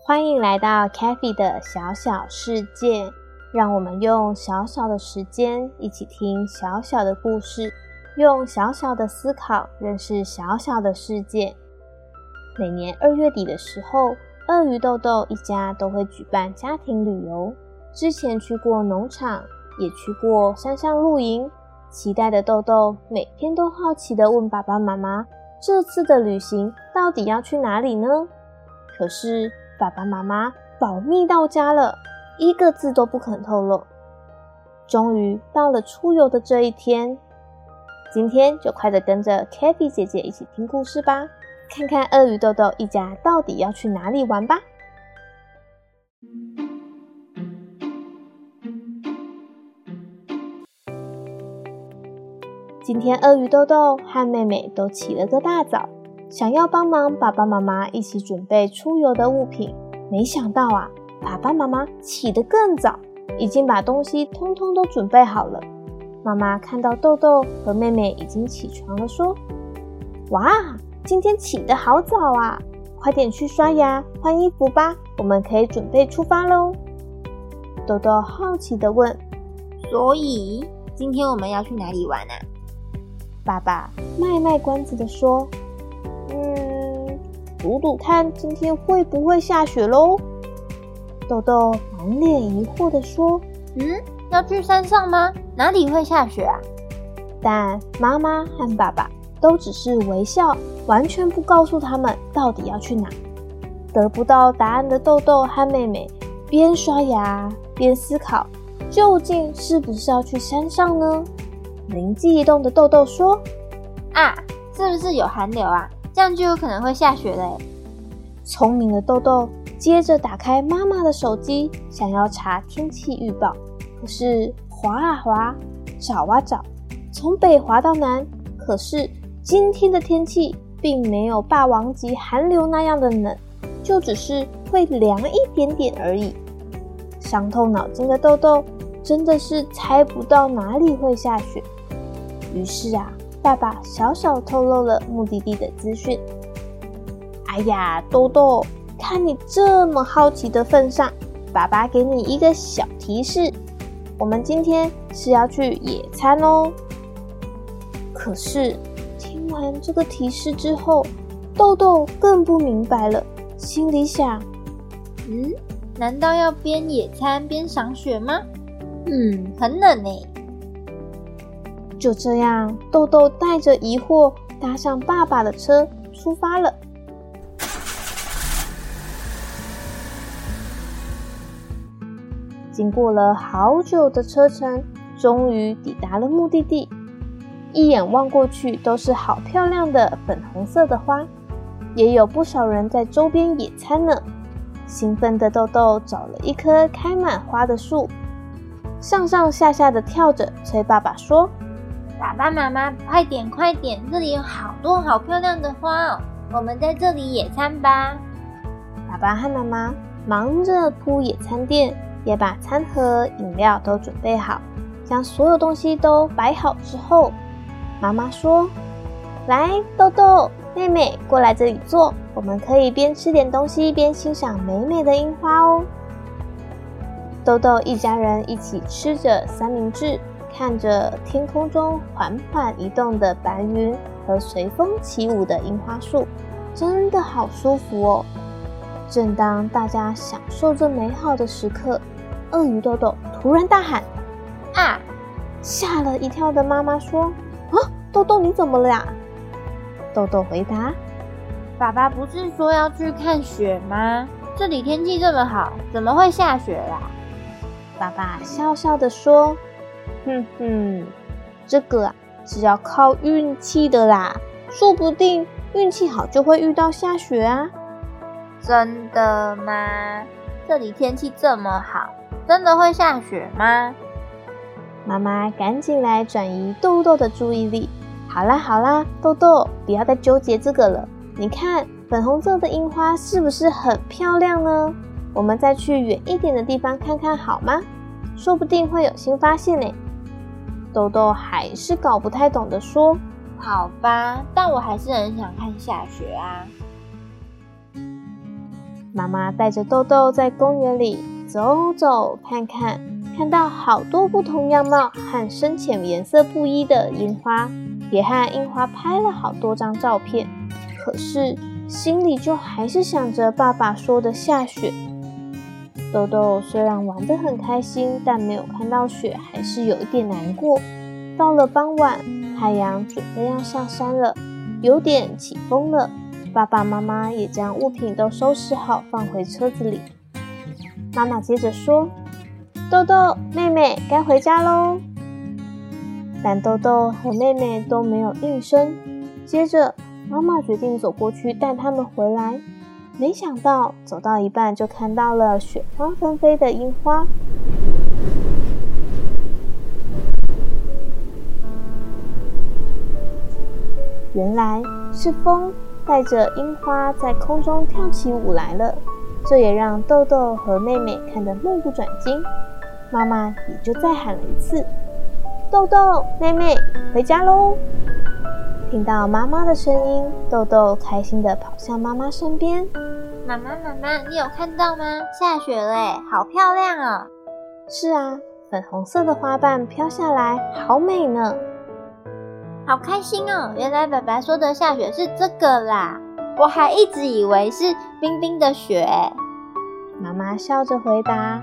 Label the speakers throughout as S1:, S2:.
S1: 歡迎來到 CaFi 的小小世界。讓我們用小小的時間，一起聽小小的故事，用小小的思考認識小小的世界。每年二月底的時候，鱷魚豆豆一家都會舉辦家庭旅遊。之前去過農場，也去過山上露營。期待的豆豆每天都好奇地問爸爸媽媽：“這次的旅行到底要去哪裡呢？”可是爸爸媽媽保密到家了，一個字都不肯透露。終於到了出遊的這一天，今天就快點跟着 CaFi 姐姐一起聽故事吧，看看鱷魚豆豆一家到底要去哪裡玩吧。今天，鱷魚豆豆和妹妹都起了個大早，想要幫忙爸爸媽媽一起準備出遊的物品。沒想到啊，爸爸媽媽起得更早，已經把東西通通都準備好了。媽媽看到豆豆和妹妹已經起床了，說：“哇，今天起得好早啊！快點去刷牙、換衣服吧，我們可以準備出發嘍。”豆豆好奇地問：“所以今天我們要去哪裡玩啊？”爸爸賣賣關子的說：“嗯，賭賭看今天會不會下雪嘍。”豆豆滿臉疑惑的說：“嗯，要去山上嗎？哪裡會下雪啊？”但媽媽和爸爸都只是微笑，完全不告訴他們到底要去哪。得不到答案的豆豆和妹妹邊刷牙邊思考，究竟是不是要去山上呢？靈機一動的豆豆說：“啊，是不是有寒流啊？這樣就有可能會下雪嘞。”聰明的豆豆接着打開媽媽的手機，想要查天氣預報。可是滑啊滑，找啊找，從北滑到南。可是今天的天氣並沒有霸王級寒流那樣的冷，就只是會涼一點點而已。傷透腦筋的豆豆。真的是猜不到哪裡會下雪。於是啊，爸爸小小透露了目的地的資訊。哎呀，豆豆，看你這麼好奇的份上，爸爸給你一個小提示：我們今天是要去野餐哦。可是聽完這個提示之後，豆豆更不明白了，心裡想：嗯，難道要邊野餐邊賞雪嗎？嗯，很冷呢，欸！就這樣，豆豆帶着疑惑搭上爸爸的車出發了。經過了好久的車程，終於抵達了目的地。一眼望過去，都是好漂亮的粉紅色的花，也有不少人在周邊野餐呢。興奮的豆豆找了一棵開滿花的樹。上上下下的跳着，催爸爸說：“爸爸媽媽，快點快點，這裡有好多好漂亮的花哦，我們在這裡野餐吧。”爸爸和媽媽忙着鋪野餐墊，也把餐盒、飲料都準備好。將所有東西都擺好之後，媽媽說：“來，豆豆妹妹過來這裡坐，我們可以邊吃點東西，邊欣賞美美的櫻花哦。”豆豆一家人一起吃着三明治，看着天空中緩緩移動的白雲和隨風起舞的櫻花樹，真的好舒服哦。正當大家享受這美好的時刻，鱷魚豆豆突然大喊：“啊！”嚇了一跳的媽媽說：“啊，豆豆你怎麼了呀？”豆豆回答：“爸爸不是說要去看雪嗎？這裡天氣這麼好，怎麼會下雪啦？”爸爸笑笑地說：“哼哼，這個啊是要靠運氣的啦，說不定運氣好就會遇到下雪啊。”“真的嗎？這裡天氣這麼好，真的會下雪嗎？”媽媽趕緊來轉移豆豆的注意力。“好啦好啦，豆豆，不要再糾結這個了。你看粉紅色的櫻花是不是很漂亮呢？我們再去遠一點的地方看看好嗎？”說不定會有新發現呢。豆豆還是搞不太懂地，說：“好吧，但我還是很想看下雪啊。”媽媽帶着豆豆在公園裡走走看看，看到好多不同樣貌和深淺顏色不一的櫻花，也和櫻花拍了好多張照片。可是心裡就還是想着爸爸說的下雪。豆豆雖然玩得很開心，但沒有看到雪，還是有一點難過。到了傍晚，太陽準備要下山了，有點起風了，爸爸媽媽也將物品都收拾好，放回車子裡。媽媽接着說：“豆豆，妹妹，該回家嘍。”但豆豆和妹妹都沒有應聲。接着，媽媽決定走過去帶他們回來。沒想到走到一半就看到了雪花紛飛的櫻花，原來是風帶着櫻花在空中跳起舞來了。這也讓豆豆和妹妹看得目不轉睛，媽媽也就再喊了一次：“豆豆，妹妹，回家嘍。”聽到媽媽的聲音，豆豆開心地跑向媽媽身邊。媽媽，媽媽，你有看到嗎？下雪了耶，好漂亮哦！是啊，粉紅色的花瓣飄下來，好美呢。好開心哦！原來爸爸說的下雪是這個啦，我還一直以為是冰冰的雪。媽媽笑着回答：“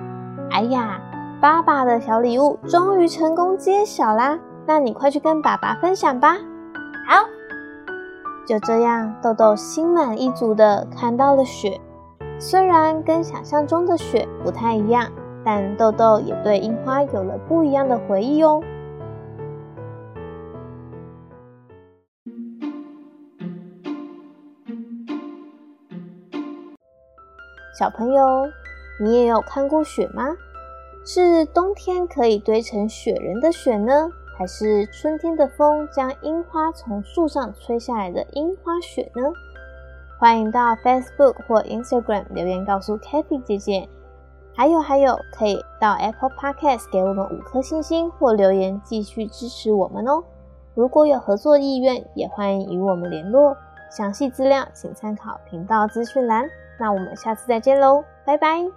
S1: 哎呀，爸爸的小禮物終於成功揭曉啦！那你快去跟爸爸分享吧。”好，就這樣，豆豆心滿意足的看到了雪。雖然跟想象中的雪不太一樣，但豆豆也對櫻花有了不一樣的回憶哦。小朋友，你也有看過雪嗎？是冬天可以堆成雪人的雪呢？還是春天的風將櫻花從樹上吹下來的櫻花雪呢？歡迎到 Facebook 或 Instagram 留言告訴 CaFi 姐姐。還有還有，可以到 Apple Podcast 給我們五顆星星或留言繼續支持我們哦。如果有合作意願，也歡迎與我們聯絡。詳細資料請參考頻道資訊欄。那我們下次再見嘍，拜拜。